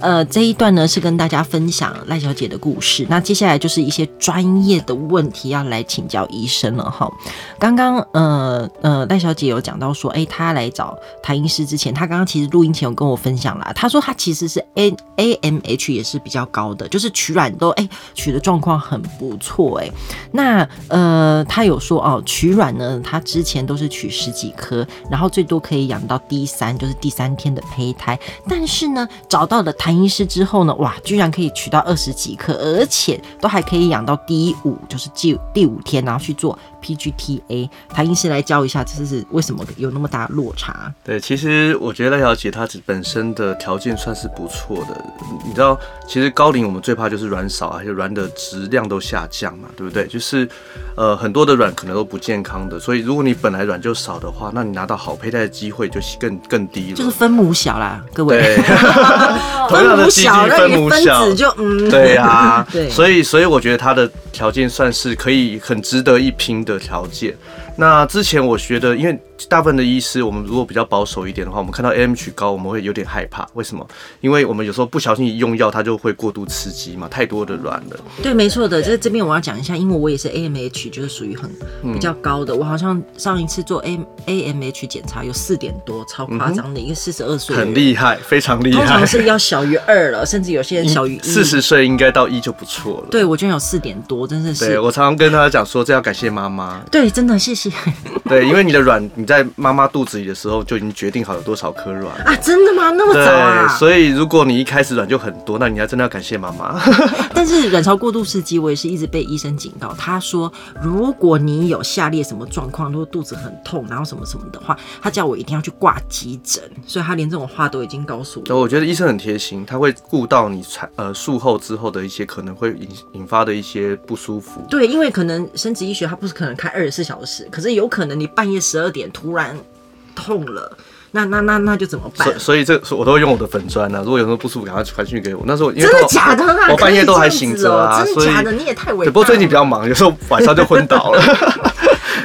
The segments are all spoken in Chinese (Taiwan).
呃，這一段呢是跟大家分享賴小姐的故事。那接下來就是一些專業的問題要來請教醫生了哈。剛剛呃呃，賴、呃、小姐有講到說，誒、欸，她來找譚醫師之前，她剛剛其實錄音前有跟我分享啦，她說她其實是 AMH 也是比較高的，就是取卵都誒、欸，取的狀況很不錯誒、欸。那呃，她有說哦，取卵呢，她之前都是取十幾顆，然後最多可以養到第三，就是第三天的胚胎，但是呢，找到了譚男醫師之後呢，哇，居然可以取到二十幾顆，而且都還可以養到第五，就是第第五天，然後去做。PGTA，譚醫師來教一下，這是為什麼有那麼大落差？對，其實我覺得賴小姐她本身的條件算是不錯的，你知道，其實高齡我們最怕就是卵少，啊，而且卵的質量都下降嘛，對不對？就是呃，很多的卵可能都不健康的，所以如果你本來卵就少的話，那你拿到好胚胎的機會就更更低了，就是分母小啦，各位。對， 同樣的 G G 分母小了，分母小那分子就嗯。對啊，對，所以所以我覺得她的條件算是可以，很值得一拼。的條件，那之前我覺得，因為。大部分的醫師，我們如果比較保守一點的話，我們看到 AMH 高，我們會有點害怕。為什麼？因為我們有時候不小心用藥，它就會過度刺激嘛，太多的卵了。對，沒錯的。就是這邊我要講一下，因為我也是 AMH，就是屬於很比較高的。嗯、我好像上一次做 A AMH 檢查有四點多，超誇張的，因為四十二歲。很厲害，非常厲害。通常是要小於二了，甚至有些人小於一。四十歲應該到一就不錯了。對，我居然有四點多，真的是。對，我常常跟他講說，這要感謝媽媽。對，真的謝謝。對，因為你的卵。在媽媽肚子裡的時候，就已經決定好有多少顆卵啊？真的嗎？那麼早啊！所以如果你一開始卵就很多，那你要真的要感謝媽媽。 但是卵巢過度刺激，我也是一直被醫生警告。他說，如果你有下列什麼狀況，如果肚子很痛，然後什麼什麼的話，他叫我一定要去掛急診。所以他連這種話都已經告訴我。我覺得醫生很貼心，他會顧到你產呃術後之後的一些可能會引引發的一些不舒服。對，因為可能生殖醫學他不是可能開二十四小時，可是有可能你半夜十二點。突然痛了，那那那那就怎麼辦？所以，所以這我都會用我的粉專呢、啊。如果有什麼不舒服，趕快傳訊給我。那時候因為真的假的、啊啊？我半夜都還醒着啊！所以、哦、真的假的？以你也太危。不過最近比較忙，有時候晚上就昏倒了。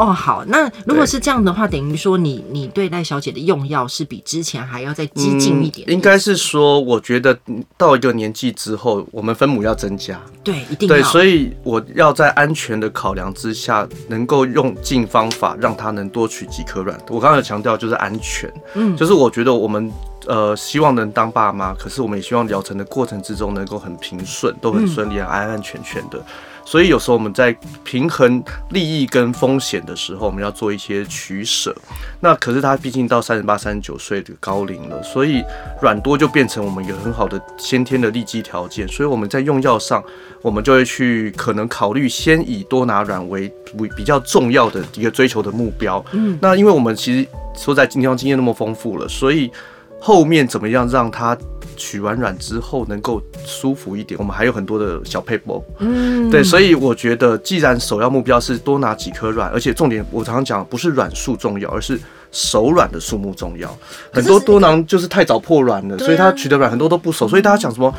哦，oh, 好，那如果是這樣的話，對等於說你你對賴小姐的用藥是比之前還要再激進一點的、嗯。應該是說，我覺得到一個年紀之後，我們分母要增加，對，一定要對，所以我要在安全的考量之下，能夠用儘方法讓她能多取幾顆卵。我剛剛有強調就是安全，嗯，就是我覺得我們呃希望能當爸媽，可是我們也希望療程的過程之中能夠很平順，都很順利、啊，嗯、安安全全的。所以有時候我們在平衡利益跟風險的時候，我們要做一些取舍。那可是他畢竟到三十八、三十九歲的高齡了，所以卵多就變成我們有很好的先天的利基條件。所以我們在用藥上，我們就會去可能考慮先以多拿卵為比較重要的一個追求的目標。嗯，那因為我們其實說實在今天經驗那麼豐富了，所以後面怎麼樣讓他。取完卵之後能夠舒服一點，我們還有很多的小配包，嗯，對，所以我覺得既然首要目標是多拿幾顆卵，而且重點我常常講不是卵數重要，而是熟卵的數目重要。很多多囊就是太早破卵了，所以它取的卵很多都不熟，所以大家講什麼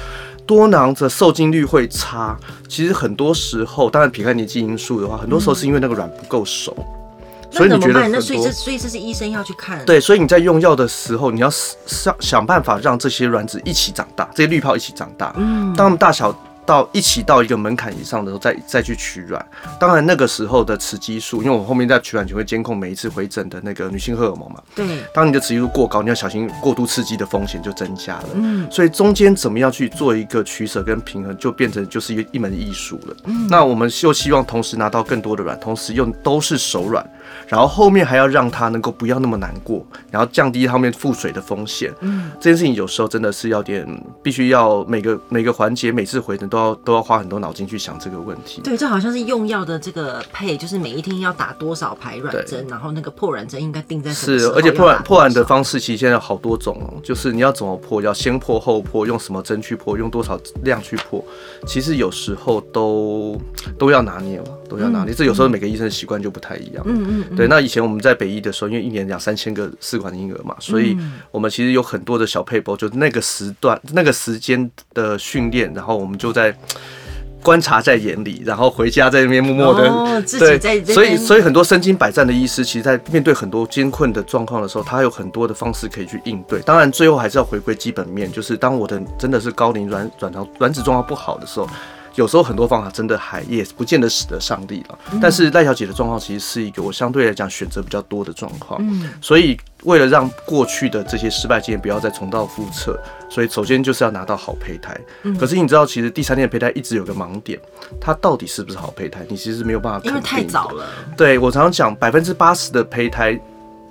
多囊的受精率會差，其實很多時候當然撇開年紀因素的話，很多時候是因為那個卵不夠熟。以怎麼辦？那所以這所以這是醫生要去看。對，所以你在用藥的時候，你要想想辦法讓這些卵子一起長大，這些濾泡一起長大。嗯。當大小到一起到一個門檻以上的時候，再再去取卵。當然那個時候的雌激素，因為我後面在取卵就會監控每一次回診的那個女性荷爾蒙嘛。對。當你的雌激素過高，你要小心過度刺激的風險就增加了。嗯。所以中間怎麼樣去做一個取捨跟平衡，就變成就是一一門藝術了。嗯。那我們就希望同時拿到更多的卵，同時用都是手軟。然後後面還要讓他能夠不要那麼難過，然後降低他們腹水的風險。嗯，這件事情有時候真的是要點，必須要每個每個環節、每次回診，都要都要花很多腦筋去想這個問題。對，這好像是用藥的這個配，就是每一天要打多少排卵針，對然後那個破卵針應該定在。是，而且破卵破卵的方式其實現在有好多種，就是你要怎麼破，要先破後破，用什麼針去破，用多少量去破，其實有時候都都要拿捏了。都要拿捏，這有時候每個醫生的習慣就不太一樣。嗯嗯，對。嗯、那以前我們在北醫的時候，因為一年兩三千個試管嬰兒嘛，嗯、所以我們其實有很多的小配博，就那個時段、那個時間的訓練，然後我們就在觀察在眼裡，然後回家在那邊默默的。哦、對自己在。所以，所以很多身經百戰的醫師，其實，在面對很多艱困的狀況的時候，他有很多的方式可以去應對。當然，最後還是要回歸基本面，就是當我的真的是高齡卵、卵、卵子狀況不好的時候。有時候很多方法真的還也不見得使得上力了。嗯、但是賴小姐的狀況其實是一個我相對來講選擇比較多的狀況，嗯、所以為了讓過去的這些失敗經驗不要再重蹈覆轍，所以首先就是要拿到好胚胎。嗯、可是你知道，其實第三天的胚胎一直有個盲點，它到底是不是好胚胎，你其實是沒有辦法。因為太早了。對，我常常講，百分之八十的胚胎。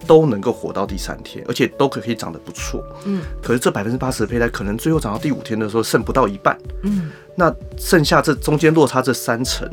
都能夠活到第三天，而且都可可以長得不錯。嗯，可是這百分之八十的胚胎可能最後長到第五天的時候剩不到一半。嗯，那剩下這中間落差這三成，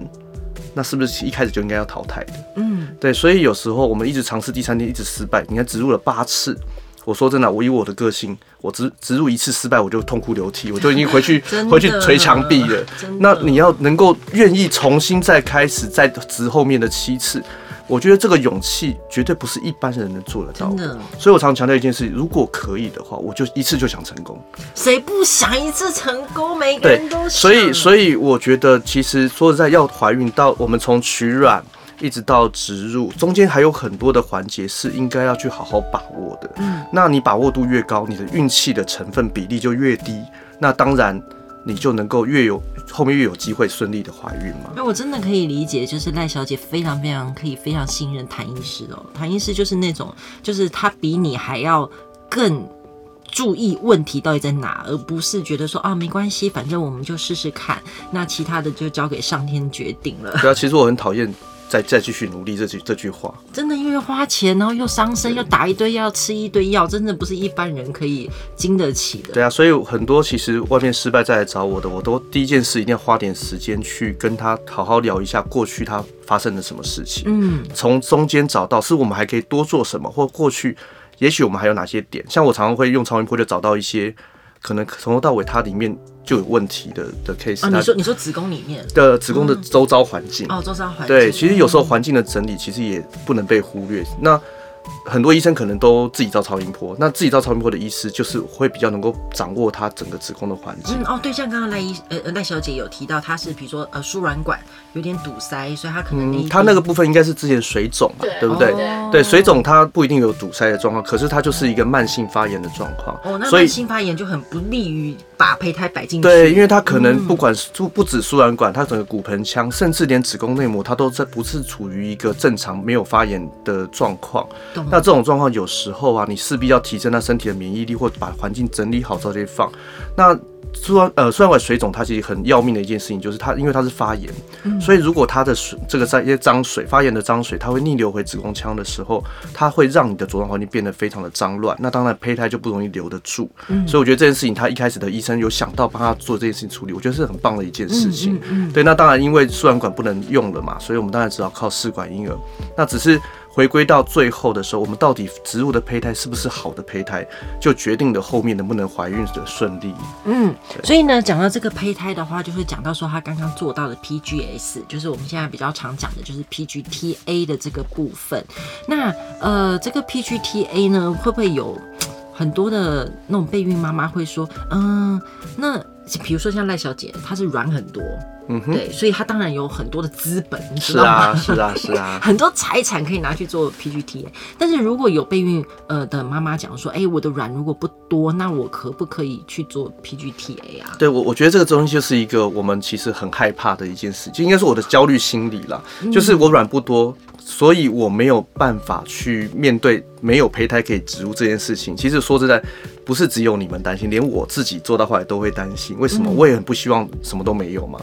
那是不是一開始就應該要淘汰的？嗯，對。所以有時候我們一直嘗試第三天一直失敗，你看植入了八次。我說真的啊，我以我的個性，我植植入一次失敗我就痛哭流涕，我就已經回去 真的 回去捶牆壁了。真的 那你要能夠願意重新再開始再植後面的七次。我覺得這個勇氣絕對不是一般人能做得到的，的所以我常常強調一件事情：如果可以的話，我就一次就想成功。誰不想一次成功？每個人都想。所以，所以我覺得，其實說實在，要懷孕到我們從取卵一直到植入，中間還有很多的環節是應該要去好好把握的。嗯，那你把握度越高，你的運氣的成分比例就越低。那當然。你就能夠越有，後面越有機會順利的懷孕嘛。那我真的可以理解，就是賴小姐非常非常可以非常信任譚醫師哦、喔。譚醫師就是那種，就是他比你還要更注意問題到底在哪兒，而不是覺得說啊，沒關係，反正我們就試試看，那其他的就交給上天決定了。對啊，其實我很討厭。再再繼續努力這句這句話，真的因為花錢，然後又傷身，對又打一堆藥，吃一堆藥，真的不是一般人可以經得起的。對啊，所以很多其實外面失敗再來找我的，我都第一件事一定要花點時間去跟他好好聊一下過去他發生了什麼事情，嗯，從中間找到是我們還可以多做什麼，或過去也許我們還有哪些點，像我常常會用超音波就找到一些。可能從頭到尾，它裡面就有問題的的 case 啊、哦。你說你說子宮裡面的、呃、子宮的周遭環境、嗯、哦，周遭環境對，其實有時候環境的整理其實也不能被忽略。嗯、那很多醫生可能都自己照超音波，那自己照超音波的醫師就是會比較能夠掌握它整個子宮的環境。嗯哦，對，像剛剛賴醫呃賴小姐有提到，她是比如說呃輸卵管有點堵塞，所以她可能那、嗯、她那個部分應該是之前水腫嘛，對，對不對？哦對水腫，它不一定有堵塞的狀況，可是它就是一個慢性發炎的狀況。哦，那慢性發炎就很不利於把胚胎擺進去。對，因為它可能不管、嗯、不止輸卵管，它整個骨盆腔，甚至連子宮內膜，它都在不是處於一個正常沒有發炎的狀況。懂了。那這種狀況有時候啊，你勢必要提升它身體的免疫力，或把環境整理好，之後再放。那輸卵管呃，輸卵管水腫，它其實很要命的一件事情，就是它因為它是發炎，嗯、所以如果它的水這個在一些髒水發炎的髒水，它會逆流回子宮腔的時候，它會讓你的着床環境變得非常的髒亂，那當然胚胎就不容易留得住。嗯、所以我覺得這件事情，他一開始的醫生有想到幫他做這件事情處理，我覺得是很棒的一件事情。嗯嗯嗯對，那當然因為輸卵管不能用了嘛，所以我們當然只好靠試管嬰兒。那只是。回歸到最後的時候，我們到底植入的胚胎是不是好的胚胎，就決定了後面能不能懷孕的順利。嗯，所以呢，講到這個胚胎的話，就會講到說他剛剛做到的 PGS，就是我們現在比較常講的就是 PGT-A 的這個部分。那呃，這個 PGT-A 呢，會不會有很多的那種備孕媽媽會說，嗯、呃，那？比如說像賴小姐，她是卵很多，嗯哼，對，所以她當然有很多的資本，你知道嗎？是啊，是啊，是啊， 很多財產可以拿去做 PGT-A，但是如果有備孕呃的媽媽講說，欸，我的卵如果不多，那我可不可以去做 PGT-A 啊？對我，我覺得這個東西就是一個我們其實很害怕的一件事情，就應該是我的焦慮心理了，就是我卵不多，所以我沒有辦法去面對沒有胚胎可以植入這件事情。其實說實在。不是只有你們擔心，連我自己做到後來都會擔心。為什麼？我也很不希望什麼都沒有嘛。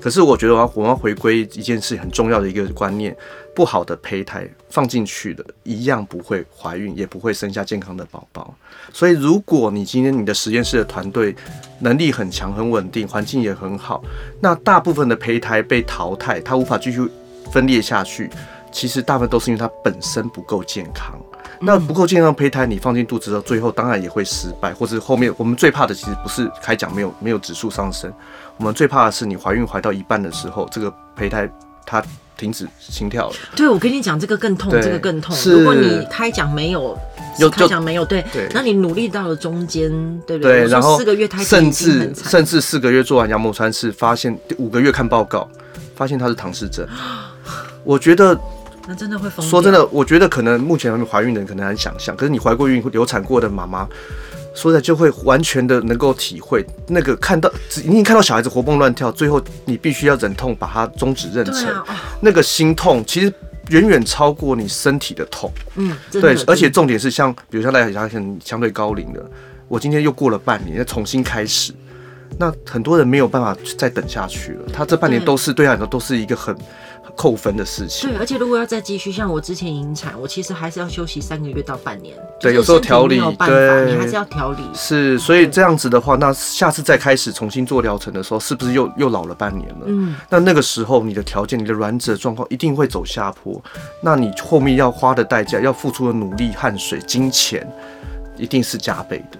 可是我覺得，我要我們要回歸一件事很重要的一個觀念：不好的胚胎放進去的一樣不會懷孕，也不會生下健康的寶寶。所以，如果你今天你的實驗室的團隊能力很強、很穩定，環境也很好，那大部分的胚胎被淘汰，它無法繼續分裂下去，其實大部分都是因為它本身不夠健康。那不夠健康胚胎，你放進肚子之後最後，當然也會失敗，或者後面我們最怕的其實不是開獎沒有沒有指數上升，我們最怕的是你懷孕懷到一半的時候，這個胚胎它停止心跳了。對，我跟你講這個更痛，這個更痛。如果你胎講沒有，有開獎沒有，對,對那你努力到了中間，對不對？對然後四個月胎甚至甚至四個月做完羊膜穿刺，發現五個月看報告，發現它是唐氏症。 我覺得。那真的會瘋掉。說真的，我覺得可能目前還沒懷孕的人可能很想象可是你懷過孕、流產過的媽媽，說的就會完全的能夠體會那個看到你已經看到小孩子活蹦亂跳，最後你必須要忍痛把它終止妊娠，啊、那個心痛其實遠遠超過你身體的痛。嗯，對，對而且重點是像比如像海霞有些相對高齡的，我今天又過了半年，再重新開始，那很多人沒有辦法再等下去了。他這半年都是對，對他來說都是一個很。扣分的事情。對，而且如果要再繼續像我之前引產，我其實還是要休息三個月到半年。對，有時候調理，對，你還是要調理。是，嗯、所以這樣子的話，那下次再開始重新做療程的時候，是不是又又老了半年了？嗯，那那個時候你的條件、你的卵子的狀況一定會走下坡，那你後面要花的代價、要付出的努力、汗水、金錢，一定是加倍的。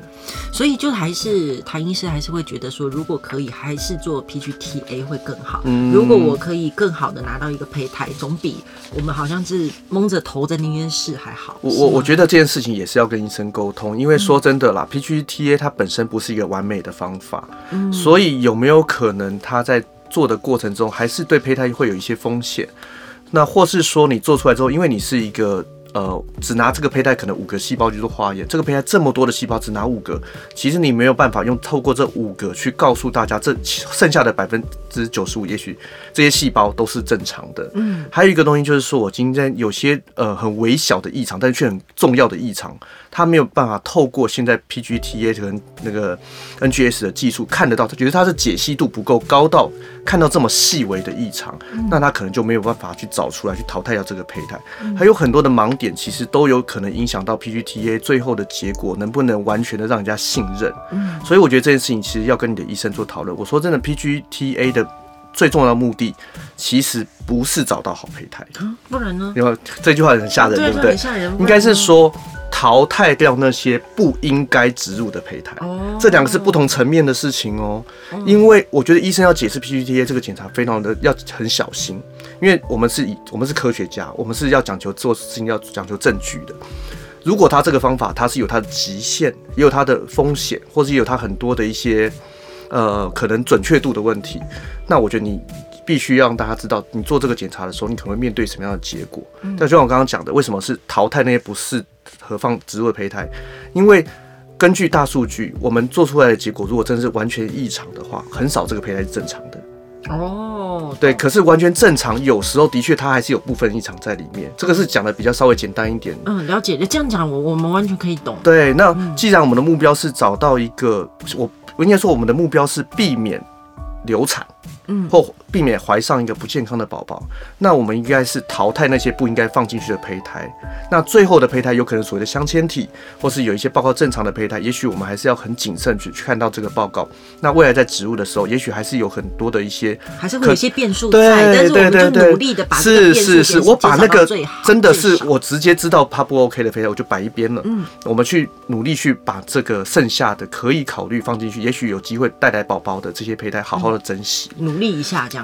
所以就還是，譚醫師還是會覺得說，如果可以，還是做 PGT-A 會更好。嗯，如果我可以更好的拿到一個胚胎，總比我們好像是蒙着頭在那邊試還好。我我嗎我覺得這件事情也是要跟醫生溝通，因為說真的啦、嗯、，PGT-A 它本身不是一個完美的方法，嗯、所以有沒有可能他在做的過程中，還是對胚胎會有一些風險？那或是說你做出來之後，因為你是一個。呃，只拿這個胚胎可能五個細胞去做化驗，這個胚胎這麼多的細胞，只拿五個，其實你沒有辦法用透過這五個去告訴大家，這剩下的百分之九十五，也許這些細胞都是正常的。嗯，還有一個東西就是說，我今天有些呃很微小的異常，但是卻很重要的異常，他沒有辦法透過現在 PGT-A 和那個 NGS 的技術看得到，他覺得他是解析度不夠高到看到這麼細微的異常，嗯、那他可能就沒有辦法去找出來去淘汰掉這個胚胎，嗯、還有很多的盲點。其實都有可能影響到 PGT-A 最後的結果，能不能完全的讓人家信任？所以我覺得這件事情其實要跟你的醫生做討論。我說真的，PGT-A 的最重要的目的其實不是找到好胚胎，不然呢？你這句話很嚇人，對不對？很嚇人，應該是說淘汰掉那些不應該植入的胚胎。哦，這兩個是不同層面的事情哦、喔，因為我覺得醫生要解釋 PGT-A 這個檢查非常的要很小心。因為我們是以我們是科學家，我們是要講求做事情要講求證據的。如果他這個方法，它是有它的極限，也有它的風險，或是也有它很多的一些呃可能準確度的問題，那我覺得你必須要讓大家知道，你做這個檢查的時候，你可能會面對什麼樣的結果。嗯、但就像我剛剛講的，為什麼是淘汰那些不適合放植入的胚胎？因為根據大數據，我們做出來的結果，如果真的是完全異常的話，很少這個胚胎是正常的。哦，對，哦、可是完全正常。有時候的確，它還是有部分異常在裡面。嗯、這個是講的比較稍微簡單一點。嗯，了解。你這樣講，我我們完全可以懂。對，那既然我們的目標是找到一個，我、嗯、我應該說我們的目標是避免流產，嗯，或。避免懷上一個不健康的寶寶，那我們應該是淘汰那些不應該放進去的胚胎。那最後的胚胎有可能所謂的鑲嵌體，或是有一些報告正常的胚胎，也許我們還是要很謹慎去去看到這個報告。那未來在植入的時候，也許還是有很多的一些、嗯、還是會有些變數對，對，對，對，對，但是我們就努力的把是是是，我把那個最好真的是我直接知道他不 OK 的胚胎，我就擺一邊了。嗯，我們去努力去把這個剩下的可以考慮放進去，也許有機會帶來寶寶的這些胚胎，好好的珍惜、嗯，努力一下這樣。